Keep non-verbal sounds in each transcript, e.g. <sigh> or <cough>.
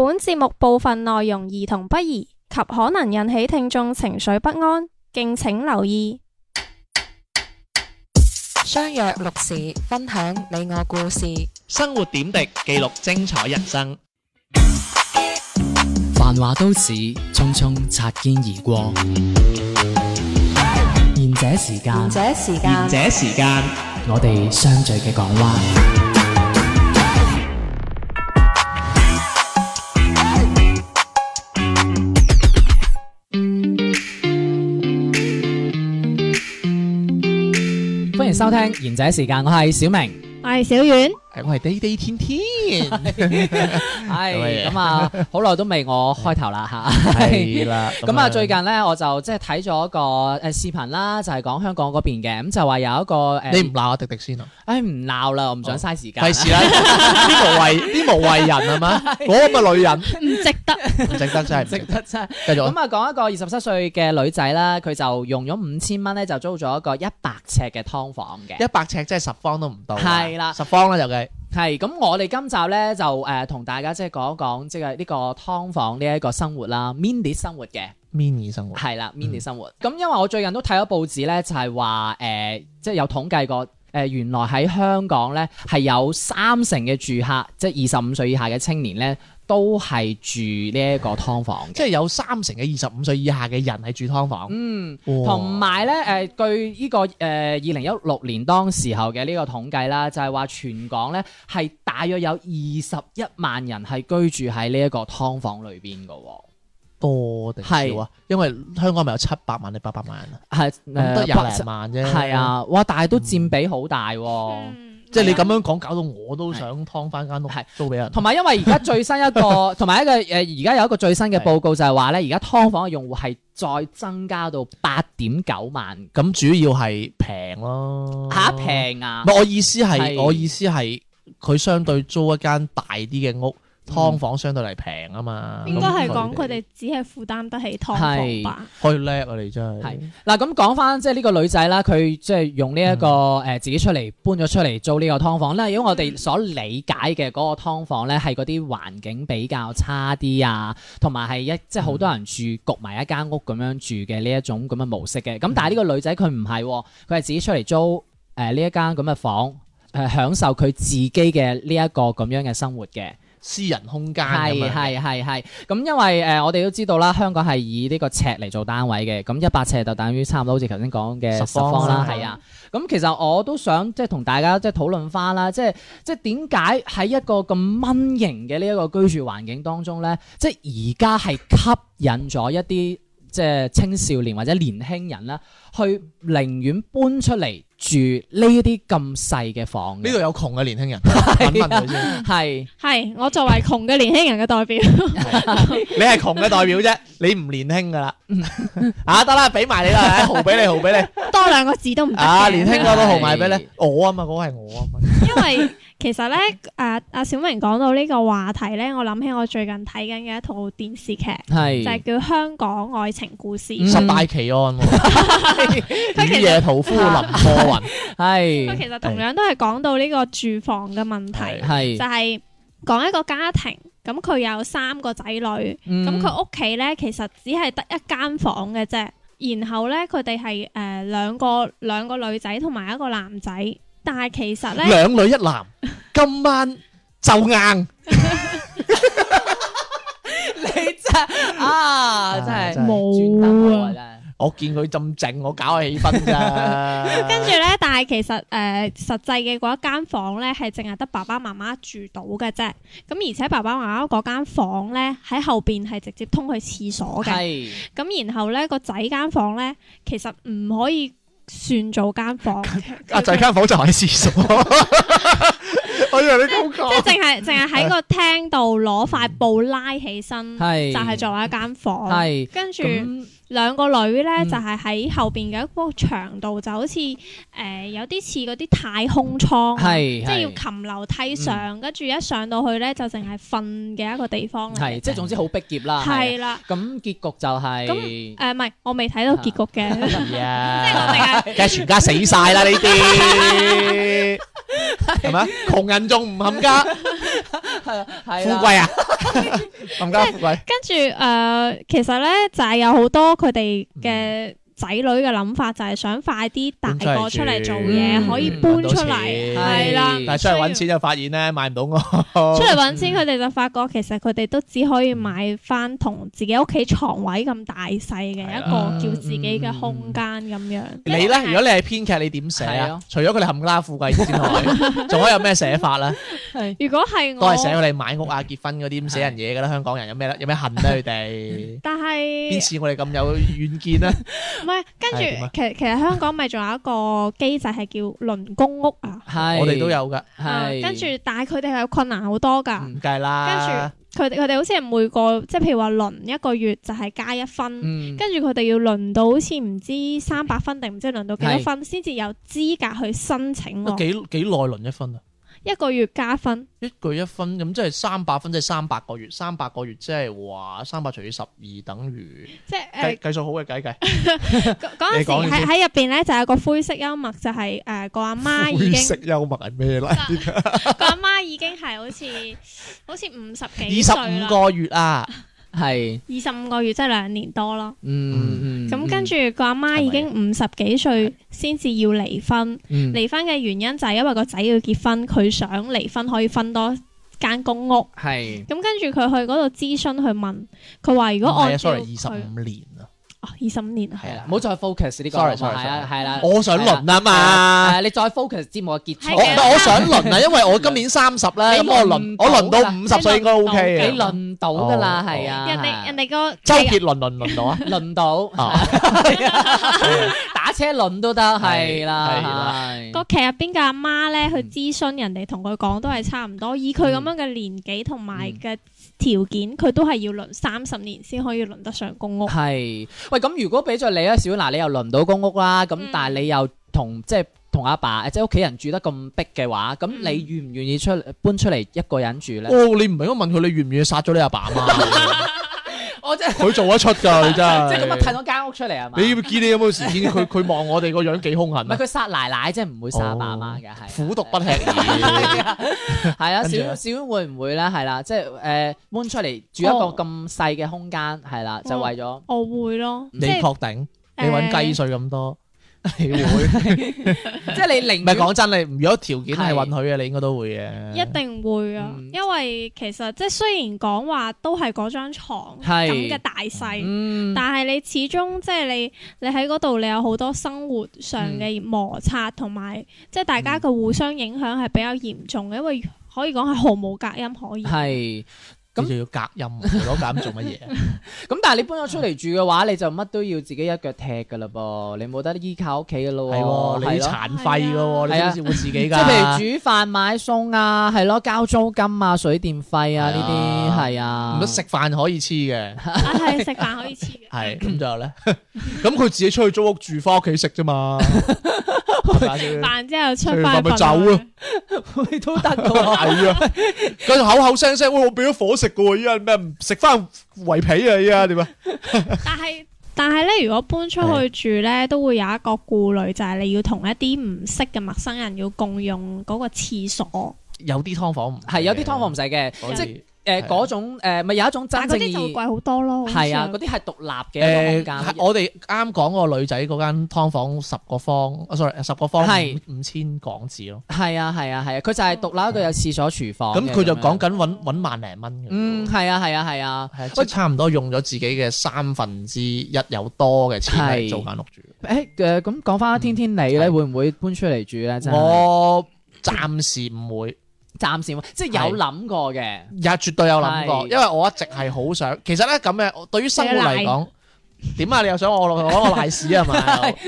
本節目部分內容兒童不宜及可能引起聽眾情緒不安，敬請留意。相約六時，分享你我故事，生活點滴，記錄精彩人生。繁華都市，匆匆擦肩而過。賢者時間，賢者時間，賢者時間，我哋相聚嘅港灣。收聽賢者時間，我係小明，我係小婉，我係滴滴天天。係咁啊，好耐都未我開頭啦吓。係啦，咁啊最近咧，我就即係睇咗一個誒視頻啦，就係講香港嗰邊嘅，咁就話有一個誒，你唔鬧我迪迪先啊？誒唔鬧啦，我唔想嘥時間。費事啦，啲無謂啲無謂人係嘛，嗰個女人，唔值得，唔值得真係唔值得。繼續咁啊，講一個二十七歲嘅女仔啦，佢就用咗五千蚊咧，就租咗一個一百尺嘅劏房嘅。一百尺即係十方都唔到。係啦，十方啦就計。係咁，我哋今集咧就誒、呃、同大家即係講一講，即係呢個劏房呢一個生活啦，mini 生活嘅，mini 生活係啦，mini 生活。咁、嗯、因為我最近都睇咗報紙咧，就係話誒，即係有統計過誒、呃，原來喺香港咧係有三成嘅住客，即係二十五歲以下嘅青年咧，都係住呢一個劏房，嗯、即係有三成嘅二十五歲以下嘅人係住劏房。嗯，同埋呢，誒、呃、據呢、這個誒二零一六年當時候嘅呢個統計啦，就係、是、話全港呢係大約有二十一萬人係居住喺呢一個劏房裏邊嘅喎。多定少啊？係。因為香港咪有七百萬定八百萬啊？係得廿零萬啫。係啊，哇！但係都佔比好大喎、啊。嗯即係你咁樣講，搞到我都想劏翻間屋，係租俾人。同埋因為而家最新一個，同埋 <laughs> 一個誒，而家有一個最新嘅報告就係話咧，而家劏房嘅用戶係再增加到八點九萬。咁主要係平咯吓，平啊，啊！唔係，我意思係，的我意思係佢相對租一間大啲嘅屋。劏房相對嚟平啊嘛，應該係講佢哋只係負擔得起劏房吧？好叻啊！你真係係嗱咁講返，即係呢個女仔啦，佢即係用呢、這、一個誒、嗯呃、自己出嚟搬咗出嚟租呢個劏房咧。嗯、因為我哋所理解嘅嗰個劏房咧，係嗰啲環境比較差啲啊，同埋係一即係好多人住焗埋一間屋咁樣住嘅呢一種咁嘅模式嘅。咁、嗯、但係呢個女仔佢唔係，佢係自己出嚟租誒呢、呃、一間咁嘅房，係、呃、享受佢自己嘅呢一個咁樣嘅生活嘅。私人空間係係係係，咁、嗯、因為誒、呃、我哋都知道啦，香港係以呢個尺嚟做單位嘅，咁一百尺就等於差唔多好似頭先講嘅十方啦，係啊，咁、啊嗯嗯、其實我都想即係同大家即係討論返啦，即係即係點解喺一個咁蚊型嘅呢一個居住環境當中咧，即係而家係吸引咗一啲。即係青少年或者年輕人啦，去寧願搬出嚟住呢啲咁細嘅房。呢度有窮嘅年輕人，問問佢先。係係， <laughs> <laughs> 我作為窮嘅年輕人嘅代表。 <laughs> <laughs> 你係窮嘅代表啫，你唔年輕噶啦。 <laughs> 啊，得啦，俾埋你啦，豪俾你，豪俾你。你 <laughs> 多兩個字都唔 <laughs> 啊，年輕嗰個豪埋俾你，是我啊嘛，嗰、嗰個係我啊嘛。 <laughs> 因為。其實咧，誒、啊，阿、啊、小明講到呢個話題咧，我諗起我最近睇緊嘅一套電視劇，係是就係叫《香港愛情故事》，十大奇案，雨、嗯、 <laughs> <laughs> 夜屠夫林過雲，係。佢其實同樣都係講到呢個住房嘅問題，係是就係講一個家庭，咁佢有三個仔女，咁佢屋企咧其實只係得一間房嘅啫，然後咧佢哋係誒兩個兩個女仔同埋一個男仔。但係其實咧，兩女一男， <laughs> 今晚就硬。 <laughs> <laughs> 你真啊，真係冇啊！是我見佢咁靜，我搞下氣氛啫。 <laughs> 跟住咧，但係其實誒、呃，實際嘅嗰一間房咧，係淨係得爸爸媽媽住到嘅啫。咁而且爸爸媽媽嗰間房咧，喺後邊係直接通去廁所嘅。咁是，然後咧個仔間房咧，其實唔可以。算做間房間，啊就係、是、間房間就喺、是、廁所， <laughs> <laughs> 我以為你講即係淨係淨係喺個廳度攞塊布拉起身，是就係作為一間房間，跟住是。著兩個女咧就係喺後邊嘅一幅牆度，就好似誒有啲似嗰啲太空艙，即係要擒樓梯上，跟住一上到去咧就淨係瞓嘅一個地方。係即係總之好逼仄啦。係啦。咁結局就係咁誒，唔係我未睇到結局嘅。即係我係？梗係全家死晒啦呢啲係咪？窮人仲唔冚家？係啊，係富貴啊？冚家富貴。跟住誒，其實咧就係有好多。佢哋嘅。仔女嘅諗法就係想快啲大個出嚟做嘢，可以搬出嚟，係啦。但係出嚟搵錢就發現咧，買唔到屋。出嚟搵錢，佢哋就發覺其實佢哋都只可以買翻同自己屋企床位咁大細嘅一個叫自己嘅空間咁樣。你咧，如果你係編劇，你點寫啊？除咗佢哋冚家富貴之外，仲可以有咩寫法咧？如果係我，都係寫佢哋買屋啊、結婚嗰啲咁寫人嘢噶啦。香港人有咩有咩恨咧？佢哋？但係邊似我哋咁有遠見咧？唔係，跟住其實其實香港咪仲有一個機制係叫輪公屋啊。係， <laughs> 我哋都有㗎。係、嗯，跟住但係佢哋係有困難好多㗎。唔計啦。跟住佢佢哋好似係每個即係譬如話輪一個月就係加一分。嗯、跟住佢哋要輪到好似唔知三百分定唔知輪到幾多分先至是有資格去申請喎。幾幾耐輪一分啊？一個月加分，一句一分咁，即係三百分，即係三百個月，三百個月即係話三百除以十二等於，即係誒，計、呃、數好嘅計計。嗰陣 <laughs> 時喺喺入邊咧就有個灰色幽默，就係誒個阿媽已經灰色幽默係咩咧？那 <laughs> 個阿媽已經係好似 <laughs> 好似五十幾歲啦。二十五個月啊！係二十五個月即係兩年多咯，嗯。嗯，咁跟住個阿媽已經五十幾歲先至要離婚。離、嗯、婚嘅原因就係因為個仔要結婚，佢想離婚可以分多間公屋。係咁是跟住佢去嗰度諮詢去問，佢話如果按 sorry 二十五年啊。Sorry, 二十五年係啦，唔好再 focus 呢個 sorry sorry，係啦。我想輪啊嘛，你再 focus 節目嘅結束。我想輪啊，因為我今年三十咧，咁我輪，我輪到五十歲應該 OK 嘅，你輪到噶啦，係啊。人哋人哋個周杰倫輪輪到啊，輪到，打車輪都得，係啦，係啦。個劇入邊嘅阿媽咧，去諮詢人哋，同佢講都係差唔多，以佢咁樣嘅年紀同埋嘅。條件佢都係要輪三十年先可以輪得上公屋。係，喂，咁如果俾咗你啊，小娜，你又輪唔到公屋啦。咁、嗯、但係你又同即係同阿爸，即係屋企人住得咁逼嘅話，咁你願唔願意出、嗯、搬出嚟一個人住咧？哦，你唔係因為問佢你願唔願意殺咗你阿爸啊嘛？ <laughs> <laughs> 佢 <music> 做得出㗎，佢真係即係咁樣睇到間屋出嚟係咪？你要見你有冇時見佢佢望我哋個樣幾兇狠？唔係佢殺奶奶，即係唔會殺阿媽嘅，係、哦。虎的毒不吃兒。係啊， <laughs> <laughs> 少少會唔會咧？係啦，即係誒搬出嚟住一個咁細嘅空間係啦、哦，就為咗我，我會咯。你確定？是你揾雞碎咁多？你會， <laughs> 即係你零咪講真， <laughs> 你如果條件係允許嘅，是你應該都會嘅。一定會啊，嗯、因為其實即係雖然講話都係嗰張床咁嘅大細，嗯、但係你始終即係你你喺嗰度，你有好多生活上嘅摩擦，同埋即係大家嘅互相影響係比較嚴重嘅，嗯、因為可以講係毫無隔音可言。你就要隔音，攞隔音做乜嘢？咁 <laughs> 但係你搬咗出嚟住嘅話，你就乜都要自己一腳踢噶啦噃，你冇得依靠屋企噶咯，哦哦、你殘廢噶，啊、你都要，要自己噶、啊。即係譬如煮飯買餸啊，係咯、哦，交租金啊，水電費啊呢啲係啊。唔得食飯可以黐嘅，係食飯可以黐嘅。係 <laughs> 咁就咧，咁 <laughs> 佢自己出去租屋住，翻屋企食啫嘛。 <laughs> 食飯之後出翻肚，去到搭高鐵啊，佢口口聲聲，我畀咗伙食噶，依家咩？唔食翻圍皮啊，依家點啊？但係但係咧，如果搬出去住咧，的都會有一個顧慮，就係、是、你要同一啲唔識嘅陌生人要共用嗰個廁所，有啲劏房係有啲劏房唔使嘅，以即誒嗰種咪有一種，但嗰啲就會貴好多咯。係啊，嗰啲係獨立嘅空間。誒，我哋啱講嗰個女仔嗰間劏房十個方，sorry，十個方五五千港紙咯。係啊，係啊，係啊，佢就係獨立一個有廁所、廚房。咁佢就講緊揾揾萬零蚊嘅。嗯，係啊，係啊，係啊。喂，差唔多用咗自己嘅三分之一有多嘅錢嚟做間屋住。誒，誒咁講翻天天你咧，會唔會搬出嚟住咧？真係我暫時唔會。暫時即係有諗過嘅，也絕對有諗過，因為我一直係好想。其實咧咁嘅，對於生活嚟講，點啊？你又想我攞個賴屎係嘛？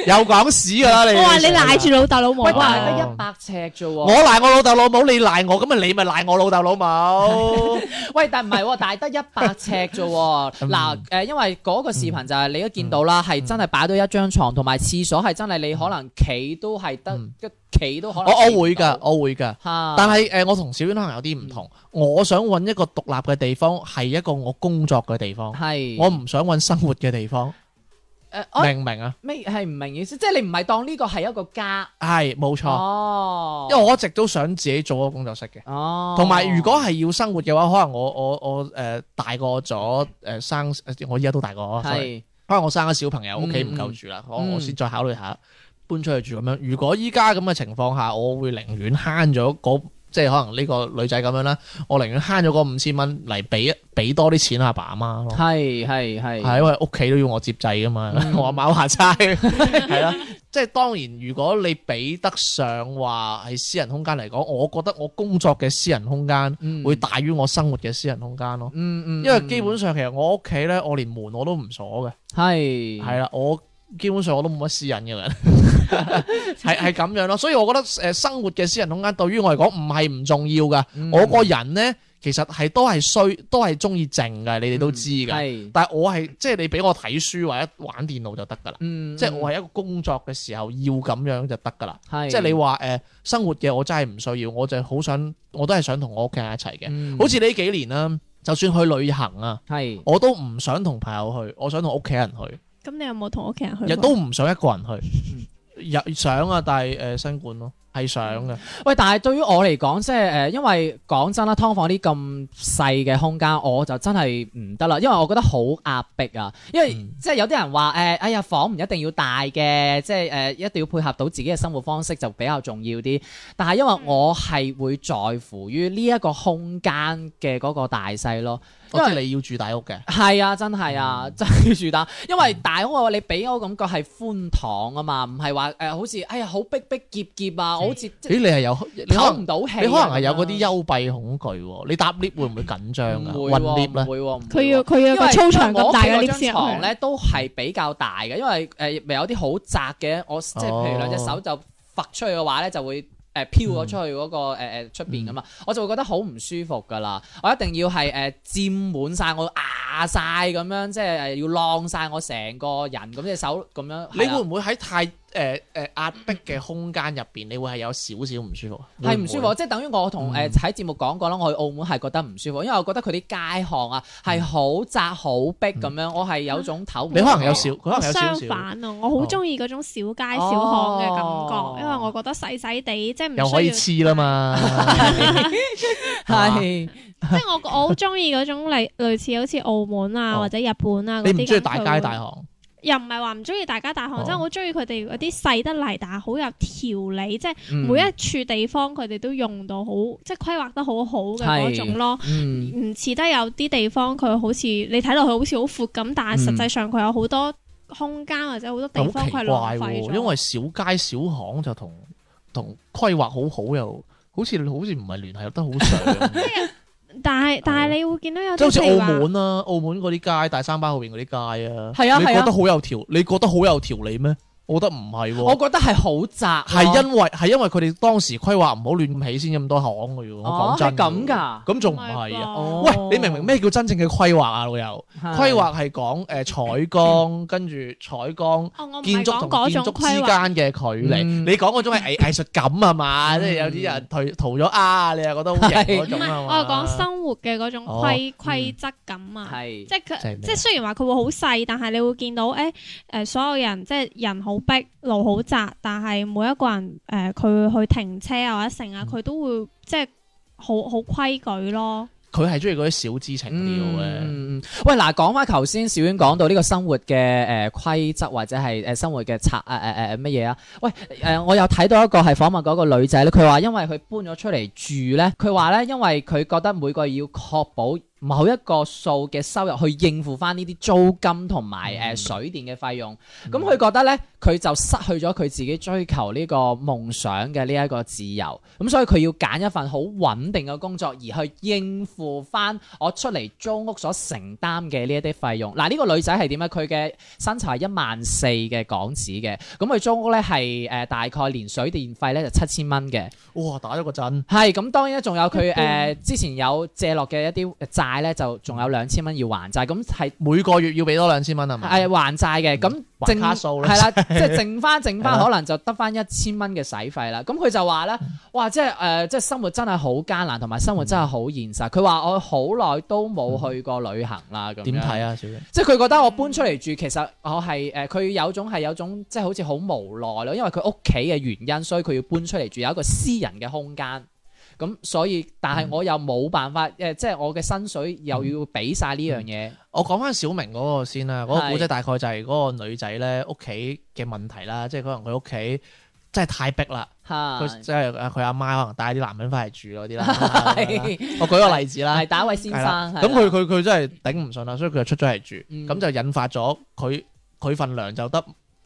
有講屎㗎啦！你我話你賴住老竇老母，喂，得一百尺啫喎！我賴我老竇老母，你賴我，咁咪你咪賴我老竇老母？喂，但唔係，但係得一百尺啫喎。嗱，誒，因為嗰個視頻就係你都見到啦，係真係擺到一張牀同埋廁所係真係你可能企都係得一。企都可能，我我會噶，我會噶。但係誒，我同是、呃、小娟可能有啲唔同。我想揾一個獨立嘅地方，係一個我工作嘅地方。係是。我唔想揾生活嘅地方。呃、明唔明啊？咩係唔明意思？即係你唔係當呢個係一個家。係，冇錯。哦。因為我一直都想自己做個工作室嘅。哦。同埋，如果係要生活嘅話，可能我我我誒、呃、大個咗，誒、呃、生，我而家都大個咗，係是。可能我生咗小朋友，屋企唔夠住啦，我、嗯、我先再考慮下。搬出去住咁樣。如果依家咁嘅情況下，我會寧願慳咗嗰即係可能呢個女仔咁樣啦。我寧願慳咗嗰五千蚊嚟俾俾多啲錢阿爸阿媽，媽咯。係係係係，因為屋企都要我接濟噶嘛。嗯、我阿媽話齋係啦。 <laughs> 啊、 <laughs> 即係當然，如果你俾得上話係私人空間嚟講，我覺得我工作嘅私人空間會大於我生活嘅私人空間咯。嗯嗯，嗯因為基本上其實我屋企咧，我連門我都唔鎖嘅。係係啦，我基本上我都冇乜私人嘅。 <laughs> 係係咁樣咯，所以我覺得誒、呃，生活嘅私人空間對於我嚟講唔係唔重要噶。嗯、我個人呢，其實係都係需，都係中意靜噶。你哋都知噶。嗯、但係我係即係你俾我睇書或者玩電腦就得噶啦。嗯、即係我係一個工作嘅時候要咁樣就得噶啦。是即係你話誒、呃，生活嘅我真係唔需要，我就好想，我都係想同我屋企人一齊嘅。嗯、好似呢幾年啦，就算去旅行啊，係是，我都唔想同朋友去，我想同屋企人去。咁你有冇同屋企人去？亦都唔想一個人去。 <laughs> <laughs> 入想啊，但係誒、呃、新管咯，係想嘅。喂，但係對於我嚟講，即係誒，因為講真啦，劏房啲咁細嘅空間，我就真係唔得啦，因為我覺得好壓迫啊。因為、嗯、即係有啲人話誒、呃，哎呀，房唔一定要大嘅，即係誒、呃、一定要配合到自己嘅生活方式就比較重要啲。但係因為我係會在乎於呢一個空間嘅嗰個大細咯。因為你要住大屋嘅，係啊，真係啊，嗯、真係要住大屋。因為大屋嘅話你俾我感覺係寬敞啊嘛，唔係話誒好似哎呀好逼逼夾夾啊，好似誒、嗯、即你係有唞唔到氣，你可能係有嗰啲幽閉恐懼喎、啊。樣你搭 lift 會唔會緊張啊？暈 lift 咧？佢要佢要因為 個操場咁大嘅 lift 張牀咧都係比較大嘅，因為誒咪有啲好窄嘅，我即係譬如兩隻手就揈出去嘅話咧就會。誒漂咗出去嗰個誒誒出邊噶嘛，我就會覺得好唔舒服噶啦，我一定要係誒佔滿晒我牙晒咁樣，即係誒要晾晒我成個人咁隻手咁樣，你會唔會喺太？誒誒壓迫嘅空間入邊，你會係有少少唔舒服，係唔舒服，即係等於我同誒喺節目講過啦，我去澳門係覺得唔舒服，因為我覺得佢啲街巷啊係好窄好逼咁樣，我係有種唞，你可能有少，可能有少。相反咯，我好中意嗰種小街小巷嘅感覺，因為我覺得細細地即係又可以黐啦嘛，係，即係我我好中意嗰種類類似好似澳門啊或者日本啊你唔中意大街大巷。又唔係話唔中意大家大巷，哦、真係好中意佢哋嗰啲細得嚟，但係好有條理，嗯、即係每一處地方佢哋都用到好，即係規劃得好好嘅嗰種咯。唔似得有啲地方佢好似你睇落去好似好闊咁，但係實際上佢有好多空間或者好多地方佢係浪費咗。因為小街小巷就同同規劃好好，又好似好似唔係聯繫得好上。 <laughs> <laughs> 但係但係你會見到有即，好似澳門啊澳門嗰啲街，大三巴後邊嗰啲街啊，係啊，你覺得好有條、啊、你覺得好有條理咩？我覺得唔係喎，我覺得係好窄，係因為係因為佢哋當時規劃唔好亂起先咁多巷嘅喎。我講真，哦係咁噶，咁仲唔係啊？喂，你明唔明咩叫真正嘅規劃啊？老友，規劃係講誒採光，跟住採光、建築同建築之間嘅距離。你講嗰種係藝藝術感啊嘛，即係有啲人塗咗啊，你又覺得好嗰種。我係講生活嘅嗰種規規則感啊，即係佢即係雖然話佢會好細，但係你會見到誒誒所有人即係人好。逼路好窄，但係每一個人誒，佢、呃、去停車啊或者剩啊，佢都會即係好好規矩咯。佢係中意嗰啲小資情調嘅。嗯嗯，欸、喂，嗱、呃，講翻頭先，小娟講到呢個生活嘅誒規則或者係誒、呃、生活嘅策誒誒誒乜嘢啊？喂、呃，誒、呃呃，我有睇到一個係訪問嗰個女仔咧，佢話因為佢搬咗出嚟住咧，佢話咧因為佢覺得每個要確保。某一個數嘅收入去應付翻呢啲租金同埋誒水電嘅費用，咁佢、嗯、覺得呢，佢就失去咗佢自己追求呢個夢想嘅呢一個自由，咁、嗯、所以佢要揀一份好穩定嘅工作而去應付翻我出嚟租屋所承擔嘅呢一啲費用。嗱、啊，呢、呢個女仔係點啊？佢嘅薪酬係一萬四嘅港紙嘅，咁佢租屋呢係誒、呃、大概連水電費呢就七千蚊嘅。哇！打咗個震。係，咁當然仲有佢誒、呃、之前有借落嘅一啲債。咧就仲有兩千蚊要還債，咁係每個月要俾多兩千蚊係咪？係還債嘅，咁淨卡數咧係啦，即係淨翻淨翻，可能就得翻一千蚊嘅使費啦。咁佢的就話咧，哇，即係誒、呃，即係生活真係好艱難，同埋生活真係好現實。佢話、嗯、我好耐都冇去過旅行啦。咁點睇啊？小姐？即係佢覺得我搬出嚟住，其實我係誒，佢、呃、有種係有種即係、就是、好似好無奈咯，因為佢屋企嘅原因，所以佢要搬出嚟住，有一個私人嘅空間。咁、嗯、所以，但係我又冇辦法，誒，即係我嘅薪水又要俾晒呢樣嘢。我講翻小明嗰個先啦，嗰、那個故仔大概就係嗰個女仔咧屋企嘅問題啦，即係可能佢屋企真係太逼啦，佢是即係佢阿媽可能帶啲男人翻嚟住嗰啲啦。我舉個例子啦，係打一位先生，咁佢佢佢真係頂唔順啦，所以佢就出咗嚟住，咁、嗯、就引發咗佢佢份糧就得。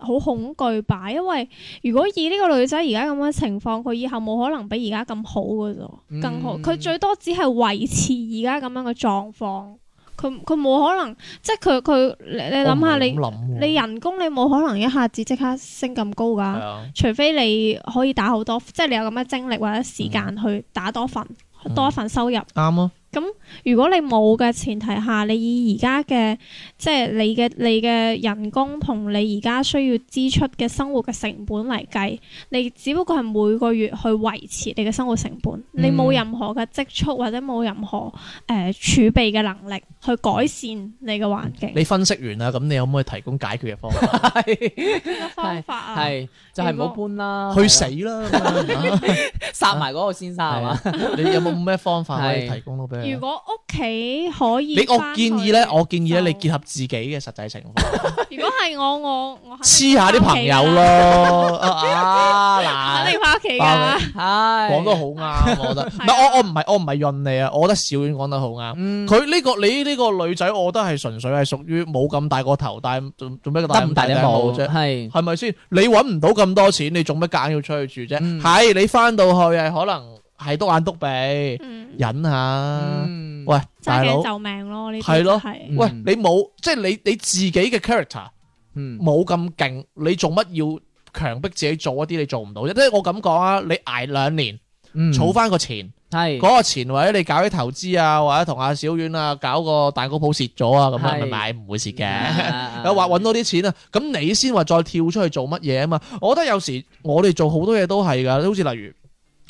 好恐懼吧，因為如果以呢個女仔而家咁嘅情況，佢以後冇可能比而家咁好噶啫，更好。佢、嗯、最多只係維持而家咁樣嘅狀況。佢佢冇可能，即係佢佢你你諗下你你人工你冇可能一下子即刻升咁高噶，啊、除非你可以打好多，即係你有咁嘅精力或者時間去打多份、嗯、多一份收入。啱咯、嗯。咁、嗯。如果你冇嘅前提下，你以而家嘅即係你嘅你嘅人工同你而家需要支出嘅生活嘅成本嚟計，你只不過係每個月去維持你嘅生活成本，你冇任何嘅積蓄或者冇任何誒儲備嘅能力去改善你嘅環境。你分析完啦，咁你可唔可以提供解決嘅方法？呢個方法啊，係就係唔好搬啦，去死啦，殺埋嗰個先生係嘛？你有冇咩方法可以提供到俾佢？如果屋企可以，你我建議咧，我建議咧，你結合自己嘅實際情況。如果係我，我我黐下啲朋友咯。啊嗱，肯定翻屋企噶。係講得好啱，我覺得。唔係我我唔係我唔係潤你啊！我覺得小婉講得好啱。佢呢個你呢個女仔，我覺得係純粹係屬於冇咁大個頭，但做做咩大唔大你冇啫？係係咪先？你搵唔到咁多錢，你做咩硬要出去住啫？係你翻到去係可能。係篤眼篤鼻，嗯、忍下。嗯、喂，就係你救命咯，呢啲係咯。嗯、喂，你冇即係你你自己嘅 character，冇咁勁、嗯，你做乜要強迫自己做一啲你做唔到？即係我咁講啊，你捱兩年，儲翻、嗯、個錢，係嗰個錢，或者你搞啲投資啊，或者同阿小丸啊搞個蛋糕鋪蝕咗啊，咁啊咪咪唔會蝕嘅。又話揾多啲錢啊，咁你先話再跳出去做乜嘢啊嘛？我覺得有時我哋做好多嘢都係㗎，好似例如。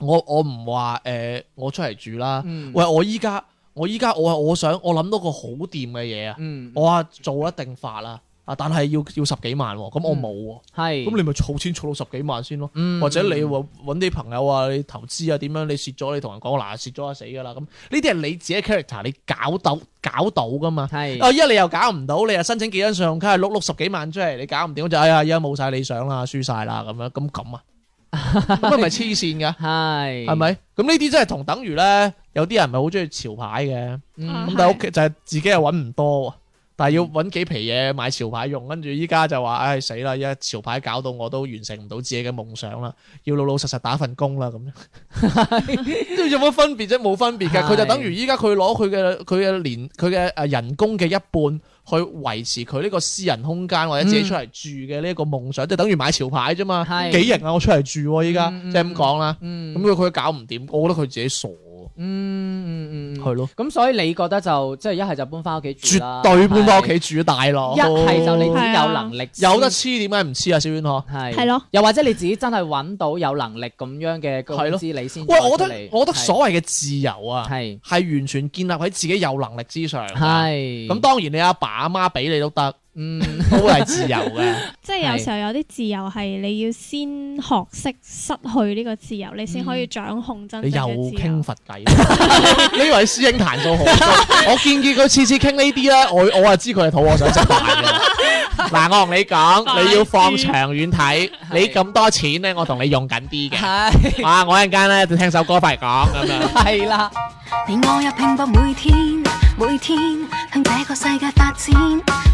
我我唔話誒，我出嚟住啦。嗯、喂，我依家我依家我啊，我想、嗯、我諗到個好掂嘅嘢啊。我話做一定法啦，啊！但係要要十幾萬，咁我冇。係、嗯，咁你咪儲錢儲到十幾萬先咯。嗯嗯、或者你搵啲朋友啊，你投資啊，點樣你蝕咗，你同人講嗱，蝕咗啊死噶啦。咁呢啲係你自己 character，你搞到搞到噶嘛。係是啊，依家你又搞唔到，你又申請幾張信用卡，碌碌十幾萬出嚟，你搞唔掂就哎呀，依家冇晒理想啦，輸晒啦咁樣，咁咁啊。咁咪咪黐線㗎，係係咪？咁呢啲真係同等於咧，有啲人咪好中意潮牌嘅，咁、嗯啊、但屋企就係自己又搵唔多，但係要搵幾皮嘢買潮牌用，跟住依家就話唉死啦，而、哎、家潮牌搞到我都完成唔到自己嘅夢想啦，要老老實實打份工啦咁。即 <laughs> <laughs> 呢有乜分別啫？冇分別嘅，佢是就等於依家佢攞佢嘅佢嘅年佢嘅誒人工嘅一半。去維持佢呢個私人空間或者自己出嚟住嘅呢個夢想，嗯、就等於買潮牌啫嘛，幾型啊！我出嚟住依、啊、家，即係咁講啦。咁佢佢搞唔掂，我覺得佢自己傻。嗯，係咯。咁所以你覺得就即係一係就搬翻屋企住啦，絕對搬翻屋企住大咯。一係就你自己有能力，有得黐點解唔黐啊？小婉哥係係咯，又或者你自己真係搵到有能力咁樣嘅工資，你先喂，我覺得我覺得所謂嘅自由啊，係係完全建立喺自己有能力之上。係咁，當然你阿爸阿媽俾你都得。嗯，好，係自由嘅，即係有時候有啲自由係你要先學識失去呢個自由，你先可以掌控真正嘅自由。你又傾佛偈，你以為師兄彈到好高？我見見佢次次傾呢啲咧，我我啊知佢係肚餓想食飯。嗱，我同你講，你要放長遠睇，你咁多錢咧，我同你用緊啲嘅。啊，我一陣間咧就聽首歌返嚟講咁樣。係啦，你我亦拼搏每天，每天向這個世界發展。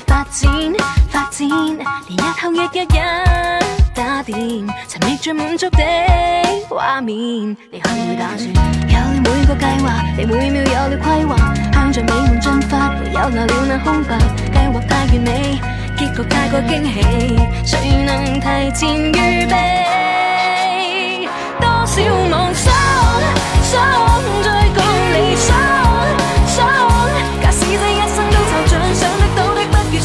發展，發展，連日後亦一日打電，尋覓最滿足的畫面。你可會打算，有了每個計劃，你每秒有了規劃，向着美夢進發，唯有留了那空白。計劃太完美，結局太過驚喜，誰能提前預備？多少夢想。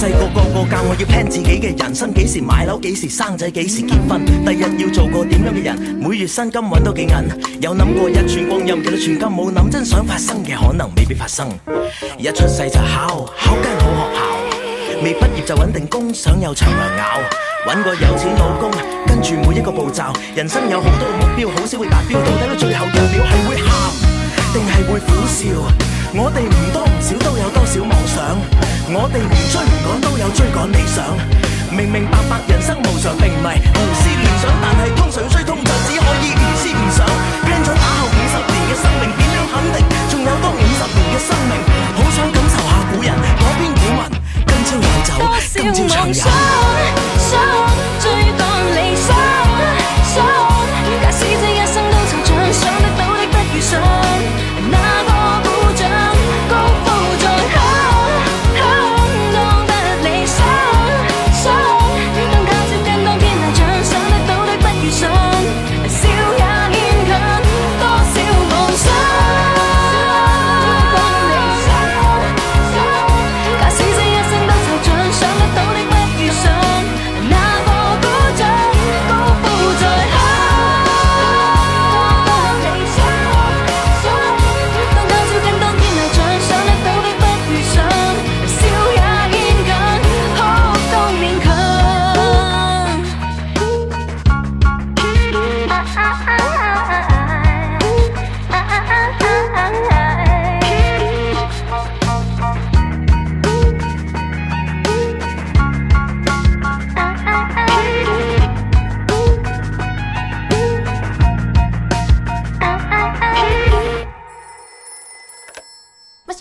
細個個個教我要 plan 自己嘅人生，幾時買樓，幾時生仔，幾時結婚，第日要做個點樣嘅人，每月薪金搵到幾銀，有諗過一寸光陰幾多寸金，冇諗真想發生嘅可能未必發生。一出世就考考間好學校，未畢業就搵定工，想有長糧咬，搵個有錢老公，跟住每一個步驟，人生有好多目標，好少會達標，到底到最後一秒係會喊定係會苦笑？我哋唔多唔少都有多少妄想？我哋唔追唔趕，都有追趕理想。明明白白，人生無常，並唔係胡思亂想。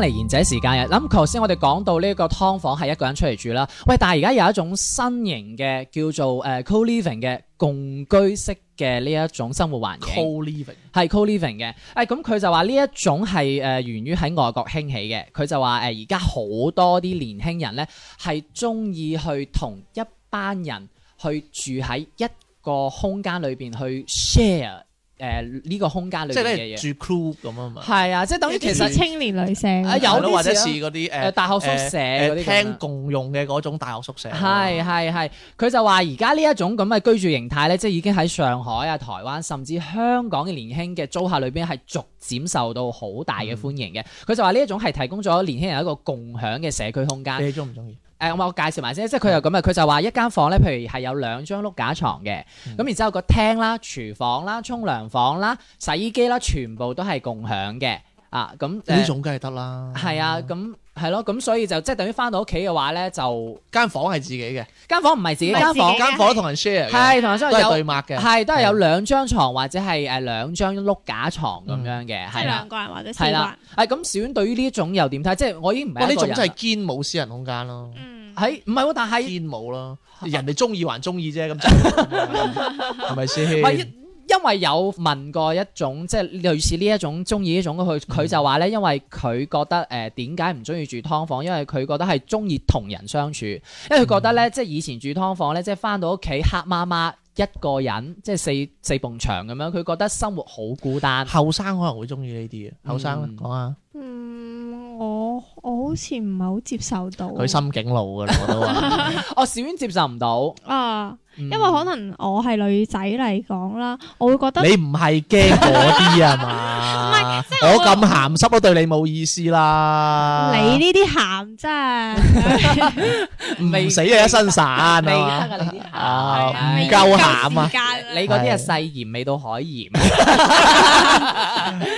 嚟賢者時間啊！咁頭先我哋講到呢個劏房係一個人出嚟住啦。喂，但係而家有一種新型嘅叫做誒、呃、co-living 嘅共居式嘅呢一種生活環境。co-living Cold 係 co-living 嘅。誒，咁、哎、佢就話呢一種係誒、呃、源於喺外國興起嘅。佢就話誒而家好多啲年輕人咧係中意去同一班人去住喺一個空間裏邊去 share。誒呢、呃這個空間裏邊嘅嘢嘢住 club 咁啊嘛，係啊，即係等於其實青年女性，係咯、啊，或者似嗰啲誒大學宿舍、廳、呃呃呃、共用嘅嗰種大學宿舍，係係係。佢、呃、就話而家呢一種咁嘅居住形態咧，即係已經喺上海啊、台灣甚至香港嘅年輕嘅租客裏邊係逐漸受到好大嘅歡迎嘅。佢、嗯、就話呢一種係提供咗年輕人一個共享嘅社區空間。你中唔中意？誒、呃，我介紹埋先，即係佢又咁啊！佢、嗯、就話一間房咧，譬如係有兩張碌架床嘅，咁、嗯、然之後個廳啦、廚房啦、沖涼房啦、洗衣機啦，全部都係共享嘅啊！咁呢、呃、種梗係得啦，係啊！咁、嗯。係咯，咁所以就即係等於翻到屋企嘅話咧，就間房係自己嘅。間房唔係自己間房，間房同人 share 嘅，係同人 share 都係對罵嘅，係都係有兩張床或者係誒兩張碌架床咁樣嘅，係兩個人或者係啦。誒，咁小娟對於呢一種又點睇？即係我已經唔。呢種真係堅冇私人空間咯。嗯，係唔係？但係堅冇咯，人哋中意還中意啫，咁就係咪先？因為有問過一種即係類似呢一種中意呢種佢佢就話咧，因為佢覺得誒點解唔中意住劏房。因為佢覺得係中意同人相處，因為佢覺得咧、嗯、即係以前住劏房咧，即係翻到屋企黑麻麻一個人，即係四四埲牆咁樣，佢覺得生活好孤單。後生可能會中意呢啲啊，後生咧講下。啊。嗯我我好似唔係好接受到，佢心境老噶啦，我都話，我小婉接受唔到啊，因為可能我係女仔嚟講啦，我會覺得你唔係驚嗰啲啊嘛，我咁鹹濕都對你冇意思啦，你呢啲鹹真係，唔死啊一身散你啲鹹，唔夠鹹啊，你嗰啲係細鹽未到海鹽，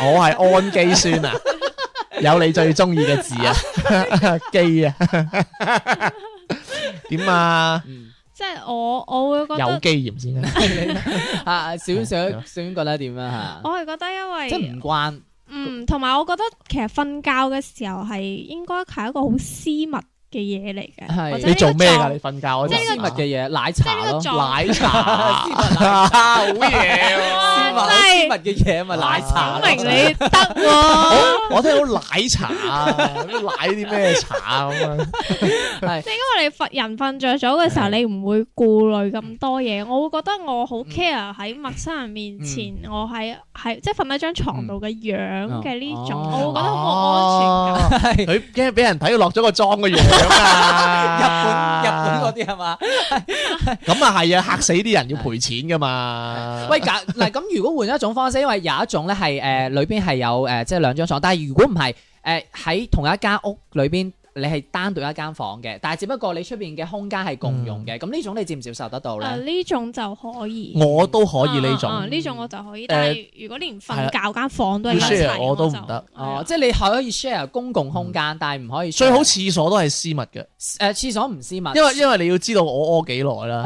我係氨基酸啊。有你最中意嘅字啊，機 <laughs> 基啊，點 <laughs> 啊？嗯、即係我，我會覺得有機嫌先啊 <laughs> <laughs> 少少！小英小小英覺得點啊？嚇！嗯、 <laughs> 我係覺得因為即唔慣，嗯，同埋我覺得其實瞓覺嘅時候係應該係一個好私密、嗯。嘅嘢嚟嘅，即係你做咩噶？你瞓覺，即係呢物嘅嘢，奶茶奶茶，好嘢，唔係，呢物嘅嘢咪奶茶。明你得，我聽到奶茶，咩奶啲咩茶咁樣？係，正因為你瞓人瞓着咗嘅時候，你唔會顧慮咁多嘢，我會覺得我好 care 喺陌生人面前，我喺喺即係瞓喺張床度嘅樣嘅呢種，我會覺得好唔安全。佢驚俾人睇落咗個妝嘅樣。 <laughs> 日本日本嗰啲係嘛？咁啊係啊，嚇死啲人要賠錢噶嘛？喂，假，嗱咁如果換一種方式，因為有一種咧係誒裏邊係有誒、呃、即係兩張床，但係如果唔係誒喺同一間屋裏邊。你係單獨一間房嘅，但係只不過你出邊嘅空間係共用嘅，咁呢種你接唔接受得到咧？誒，呢種就可以。我都可以呢種。呢種我就可以。但誒，如果連瞓覺間房都係一齊，我都唔得。哦，即係你可以 share 公共空間，但係唔可以。最好廁所都係私密嘅。誒，廁所唔私密。因為因為你要知道我屙幾耐啦。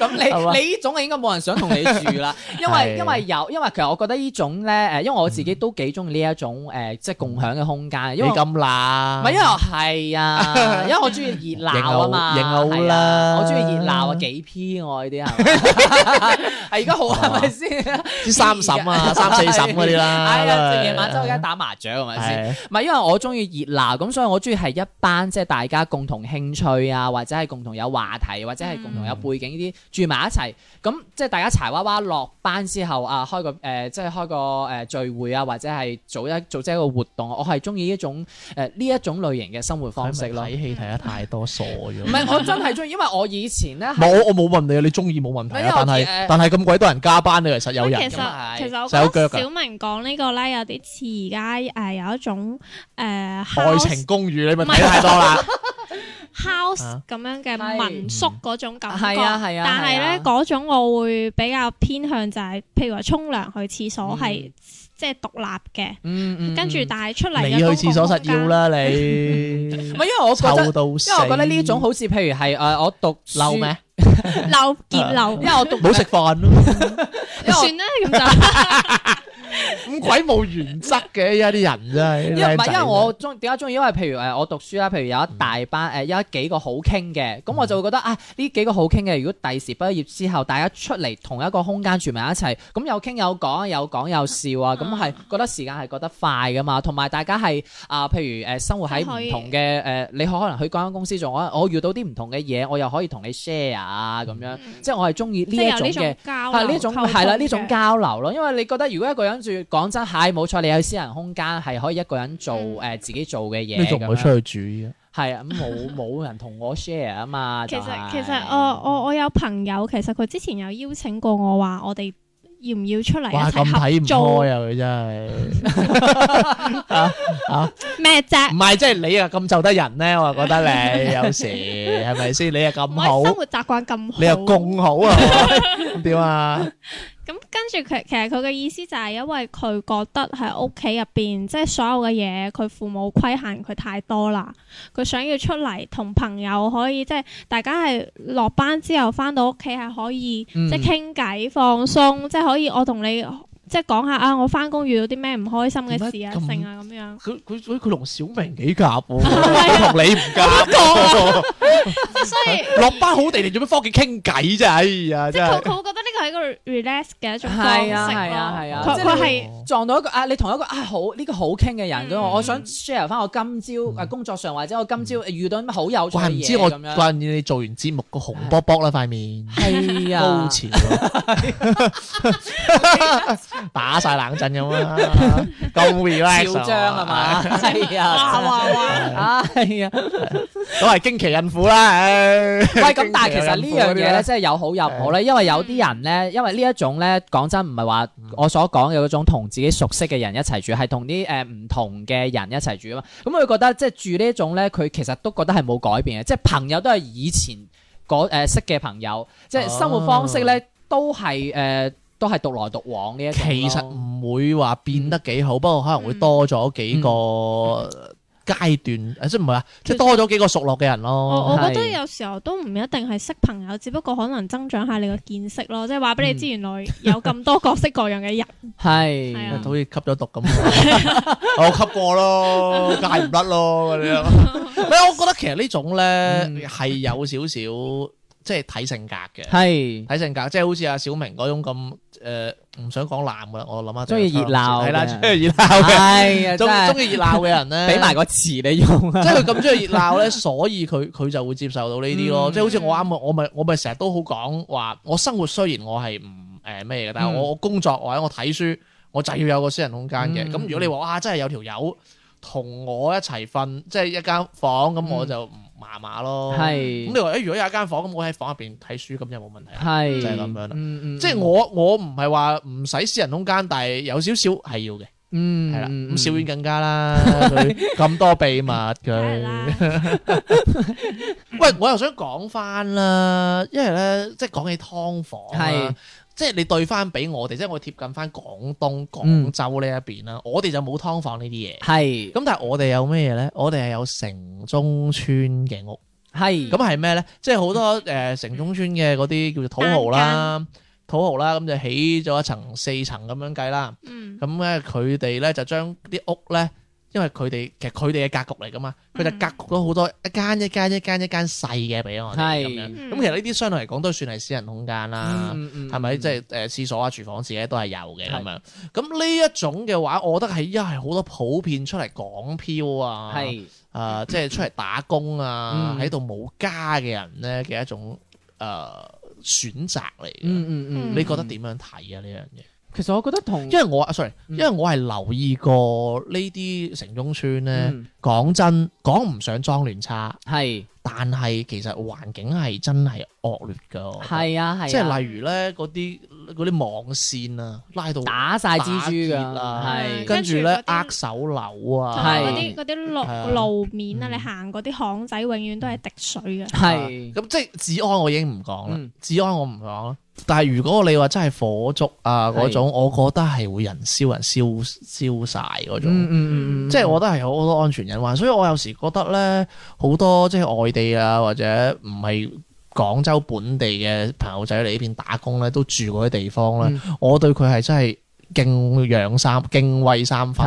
咁你你呢種係應該冇人想同你住啦。因為因為有，因為其實我覺得呢種咧誒，因為我自己都幾中意呢一種誒，即係共享嘅空間。你咁乸～唔係，因為我係啊，因為我中意熱鬧啊嘛，係 <laughs> 啊，我中意熱鬧啊，幾偏愛啲係。 <laughs> <laughs> 係而家好啊，係咪先？啲三嬸啊，三四嬸嗰啲啦。係啊，成夜晚周而家打麻雀，係咪先？唔係，因為我中意熱鬧，咁所以我中意係一班，即係大家共同興趣啊，或者係共同有話題，或者係共同有背景呢啲住埋一齊。咁即係大家柴娃娃落班之後啊，開個誒，即係開個誒聚會啊，或者係組一組織一個活動。我係中意呢種誒呢一種類型嘅生活方式咯。睇戲睇得太多，傻咗。唔係，我真係中意，因為我以前咧。冇，我冇問你啊，你中意冇問題啊。但係，但係佢。咁鬼多人加班呢，你其實有人其㗎嘛？其實我覺得個有腳噶。小明講呢個咧，有啲似而家誒有一種誒、呃、愛情公寓，你咪睇太多啦。House 咁 <laughs> 樣嘅民宿嗰種感覺，係啊係啊。啊啊啊但係咧嗰種我會比較偏向就係、是，譬如話沖涼去廁所係、嗯、即係獨立嘅。跟住、嗯嗯、但係出嚟你去廁所實要啦，你唔 <laughs> <laughs> 因為我覺得，因為我覺得呢種好似譬如係誒、呃、我讀嬲咩？漏結漏，因為我冇食飯咯。算啦，咁就。咁鬼冇原則嘅一啲人真係，一唔係因為我中點解中意？因為譬如誒，我讀書啦，譬如有一大班誒，有一幾個好傾嘅，咁我就會覺得啊，呢幾個好傾嘅，如果第時畢業之後，大家出嚟同一個空間住埋一齊，咁有傾有講，有講有笑啊，咁係覺得時間係覺得快噶嘛，同埋大家係啊，譬如誒，生活喺唔同嘅誒，你可能去嗰間公司，仲可能我遇到啲唔同嘅嘢，我又可以同你 share 啊，咁樣，即係我係中意呢一種嘅，係呢種係啦，呢種交流咯，因為你覺得如果一個人。講真，係冇錯，你有私人空間係可以一個人做誒，自己做嘅嘢咁樣。你仲唔會出去煮啊？係啊，咁冇冇人同我 share 啊嘛。其實其實我我我有朋友，其實佢之前有邀請過我話，我哋要唔要出嚟一齊合作做啊？佢真係啊啊！咩啫？唔係，即係你啊！咁就得人咧，我話覺得你有時係咪先？你啊咁好，生活習慣咁，你又咁好啊？點啊？咁跟住佢，其實佢嘅意思就係因為佢覺得喺屋企入邊，即係所有嘅嘢，佢父母規限佢太多啦。佢想要出嚟同朋友可以，即係大家係落班之後翻到屋企係可以，嗯、即係傾偈放鬆，即係可以我同你即係講下啊，我翻工遇到啲咩唔開心嘅事啊，性 <laughs> 啊咁樣。佢佢 <laughs> 所以佢同小明幾夾喎，同你唔夾。所以落班好地地做咩喺屋企傾偈啫？哎呀，即係我覺得。 <laughs> 係一個 relax 嘅一種方式係啊係啊係啊，即係撞到一個啊，你同一個啊好呢個好傾嘅人咁，我想 share 翻我今朝啊工作上或者我今朝遇到乜好有趣嘅嘢咁樣。關你做完節目個紅卜卜啦塊面，係啊，高潮，打晒冷震咁啊，咁 relax。囂張係嘛？係啊，哇係啊，都係驚奇孕婦啦。喂，咁但係其實呢樣嘢咧，即係有好有唔好咧，因為有啲人咧，因為呢一種咧，講真唔係話我所講嘅嗰種同自己熟悉嘅人一齊住，係、呃、同啲誒唔同嘅人一齊住啊嘛。咁、嗯、佢、嗯、覺得即係住種呢種咧，佢其實都覺得係冇改變嘅，即係朋友都係以前嗰誒、呃、識嘅朋友，即係生活方式咧、哦、都係誒、呃、都係獨來獨往呢一種。其實唔會話變得幾好，不過、嗯、可能會多咗幾個。嗯嗯嗯嗯階段，即唔係話，即多咗幾個熟落嘅人咯。我、哦、我覺得有時候都唔一定係識朋友，是只不過可能增長下你個見識咯。即話俾你知，嗯、原來有咁多各色各樣嘅人。係 <laughs> 是，好似、啊、吸咗毒咁，我、 <laughs> <laughs> 哦、吸過咯，戒唔甩咯。嗰啲，我覺得其實種呢種咧係有少少。即係睇性格嘅，係睇性格，即係好似阿小明嗰種咁，誒，唔想講男嘅。我諗下，中意熱鬧係啦，中意熱鬧嘅，中中意熱鬧嘅人咧，俾埋個詞你用，即係佢咁中意熱鬧咧，所以佢佢就會接受到呢啲咯。即係好似我啱，我咪我咪成日都好講話，我生活雖然我係唔誒咩嘅，但係我我工作或者我睇書，我就要有個私人空間嘅。咁如果你話啊，真係有條友同我一齊瞓，即係一間房，咁我就唔。麻麻咯，咁是、嗯、你話，誒、哎，如果有一間房咁，我喺房入邊睇書咁，就冇問題，是就係咁樣啦。嗯嗯、即係我我唔係話唔使私人空間，但係有少少係要嘅。嗯，係啦，少遠更加啦，咁 <laughs> 多秘密佢。喂，我又想講翻啦，因為咧，即係講起劏房、啊。即係你對翻俾我哋，即係我貼近翻廣東廣州呢一邊啦，我哋就冇劏房呢啲嘢。係，咁但係我哋有咩嘢咧？我哋係有城中村嘅屋。係，咁係咩咧？即係好多誒、呃、城中村嘅嗰啲叫做土豪啦，嗯、土豪啦，咁就起咗一層，四層咁樣計啦。嗯，咁咧佢哋咧就將啲屋咧。因為佢哋其實佢哋嘅格局嚟㗎嘛，佢就格局咗好多一間一間一間一間細嘅俾我哋咁是樣。咁其實呢啲相對嚟講都算係私人空間啦，係咪、嗯？即係誒廁所啊、廚房自己都係有嘅咁樣。咁呢是一種嘅話，我覺得係一係好多普遍出嚟港漂啊，誒是、呃，即係出嚟打工啊，喺度冇家嘅人咧嘅一種誒、呃、選擇嚟嘅。嗯嗯嗯、你覺得點樣睇啊呢樣嘢？其實我覺得同，因為我啊，sorry，因為我係留意過呢啲城中村咧。講真，講唔上髒亂差，係，但係其實環境係真係惡劣噶。係啊，係啊。即係例如咧，嗰啲啲網線啊，拉到打晒蜘蛛㗎，跟住咧握手樓啊，嗰啲啲路路面啊，你行嗰啲巷仔，永遠都係滴水嘅。係。咁即係治安我已經唔講啦，治安我唔講啦。但係如果你話真係火燭啊嗰種，是我覺得係會人燒人燒燒曬嗰種，即係我覺得係有好多安全隱患。所以我有時覺得咧，好多即係外地啊或者唔係廣州本地嘅朋友仔嚟呢邊打工咧，都住嗰啲地方咧，嗯、我對佢係真係敬仰三敬畏三分。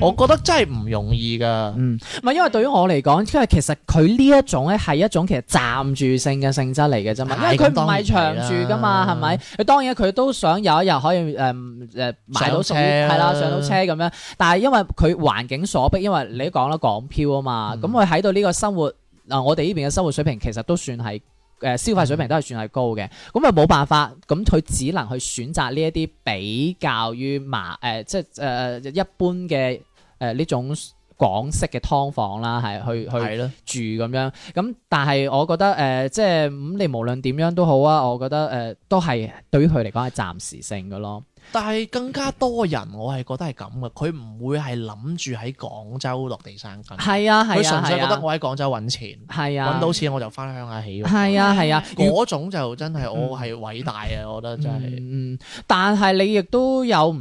我覺得真係唔容易噶，嗯，唔係因為對於我嚟講，因為其實佢呢一種咧係一種其實暫住性嘅性質嚟嘅啫嘛，因為佢唔係長住噶嘛，係咪？佢當然佢都想有一日可以誒誒、嗯、買到屬於係啦，啦上到車咁樣，但係因為佢環境所迫，因為你講啦港漂啊嘛，咁佢喺到呢個生活嗱、呃，我哋呢邊嘅生活水平其實都算係。誒、呃、消費水平都係算係高嘅，咁啊冇辦法，咁佢只能去選擇呢一啲比較於麻誒、呃，即係誒、呃、一般嘅誒呢種港式嘅劏房啦，係去去、嗯、住咁樣。咁但係我覺得誒、呃，即係咁你無論點樣都好啊，我覺得誒、呃、都係對於佢嚟講係暫時性嘅咯。但係更加多人，我係覺得係咁噶，佢唔會係諗住喺廣州落地生根。係啊，係啊，佢純粹覺得我喺廣州揾錢，係啊，揾到錢我就翻鄉下起屋。啊，係啊，嗰、啊、種就真係我係偉大啊！嗯、我覺得真係、嗯。嗯，但係你亦都有唔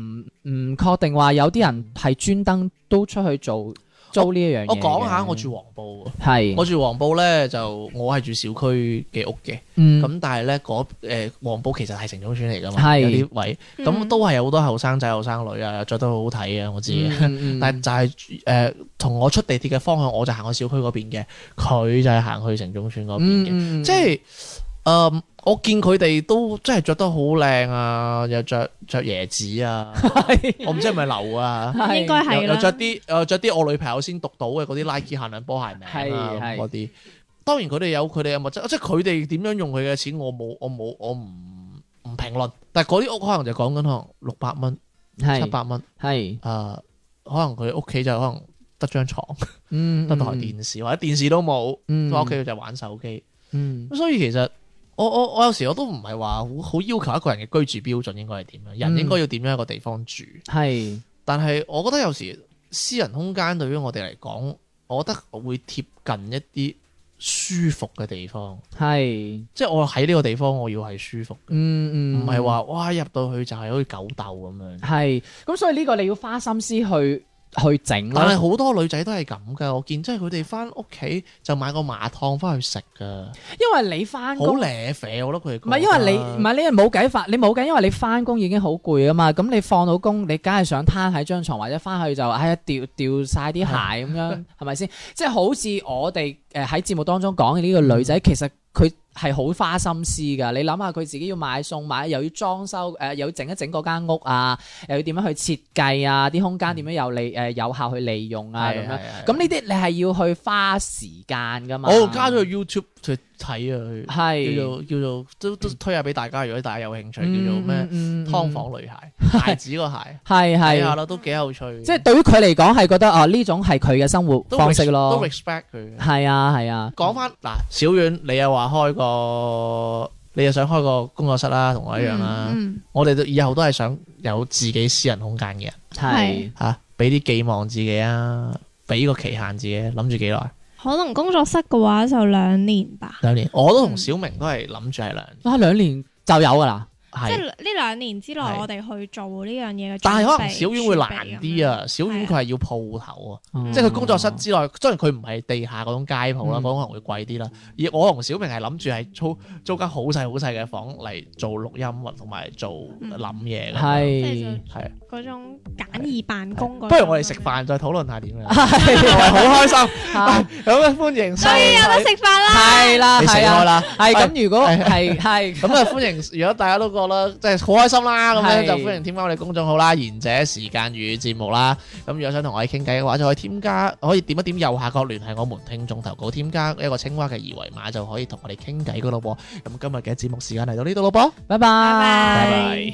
唔確定話，有啲人係專登都出去做。嗯租呢一樣嘢，我講下，我住黃埔，是我住黃埔咧就我係住小區嘅屋嘅，咁、嗯、但係咧嗰誒黃埔其實係城中村嚟噶嘛，是有啲位，咁、嗯、都係有好多後生仔後生女啊，着得好好睇啊，我知，嗯嗯、但係就係誒同我出地鐵嘅方向，我就行去小區嗰邊嘅，佢就係行去城中村嗰邊嘅，即係、嗯。嗯就是誒，um, 我見佢哋都真係着得好靚啊，又着着椰子啊， <laughs> 我唔知係咪流啊， <laughs> 應該係是又着啲誒，着啲我女朋友先讀到嘅嗰啲 Nike 限量波鞋名啊，嗰啲 <laughs> 是。當然佢哋有佢哋嘅物質，即係佢哋點樣用佢嘅錢，我冇我冇我唔唔評論。但係嗰啲屋可能就講緊、呃，可能六百蚊，七百蚊，係誒，可能佢屋企就可能得張床，得、嗯嗯、台電視或者電視都冇，嗯，喺屋企就玩手機，嗯，嗯所以其實。我我我有時我都唔係話好好要求一個人嘅居住標準應該係點樣，人應該要點樣一個地方住。係，但係我覺得有時私人空間對於我哋嚟講，我覺得我會貼近一啲舒服嘅地方。係，即係我喺呢個地方我要係舒服嘅。嗯嗯，唔係話哇入到去就係好似狗竇咁樣。係，咁所以呢個你要花心思去。去整，但係好多女仔都係咁噶，我見即係佢哋翻屋企就買個麻燙翻去食噶。因為你翻工好瀨啡，我覺得佢唔係，因為你唔係你冇計法，你冇計，因為你翻工已經好攰啊嘛。咁你放到工，你梗係想攤喺張床，或者翻去就哎呀掉掉曬啲鞋咁樣，係咪先？即係好似我哋誒喺節目當中講嘅呢個女仔，嗯、其實佢係好花心思噶，你諗下佢自己要買餸買，又要裝修誒，又要整一整嗰間屋啊，又要點樣去設計啊，啲空間點樣有利誒有效去利用啊咁樣。咁呢啲你係要去花時間噶嘛？哦，加咗個 YouTube 睇啊，係叫做叫做都都推下俾大家，如果大家有興趣，叫做咩劏房女鞋，鞋子個鞋，係，係睇下咯，都幾有趣。即係對於佢嚟講，係覺得啊呢種係佢嘅生活方式咯，都 respect 佢。係啊係啊。講翻嗱，小遠你又話開個個、哦、你又想開個工作室啦、啊，同我一樣啦、啊。嗯、我哋以後都係想有自己私人空間嘅人，係吓俾啲寄望自己啊，俾個期限自己，諗住幾耐？可能工作室嘅話就兩年吧。兩年，我都同小明都係諗住係兩年。啊，兩年就有噶啦。 <laughs> 即係呢兩年之內，我哋去做呢樣嘢嘅準備。但係可能小院會難啲啊，小院佢係要鋪頭啊，即係佢工作室之內。雖然佢唔係地下嗰種街鋪啦，可能會貴啲啦。而我同小明係諗住係租租間好細好細嘅房嚟做錄音，同埋做諗嘢嘅。係係啊，嗰種簡易辦公嗰。不如我哋食飯再討論下點樣，好開心，咁歡迎。所以有得食飯啦，係啦，係啊，係咁。如果係係咁啊，歡迎！如果大家都過啦，即係好開心啦，咁樣就歡迎添加我哋公眾號啦，《賢者時間》粵語節目啦。咁如果想同我哋傾偈嘅話，就可以添加，可以點一點右下角聯繫我們聽眾投稿，添加一個青蛙嘅二維碼就可以同我哋傾偈噶咯。咁今日嘅節目時間嚟到呢度咯，啵，拜拜，拜拜。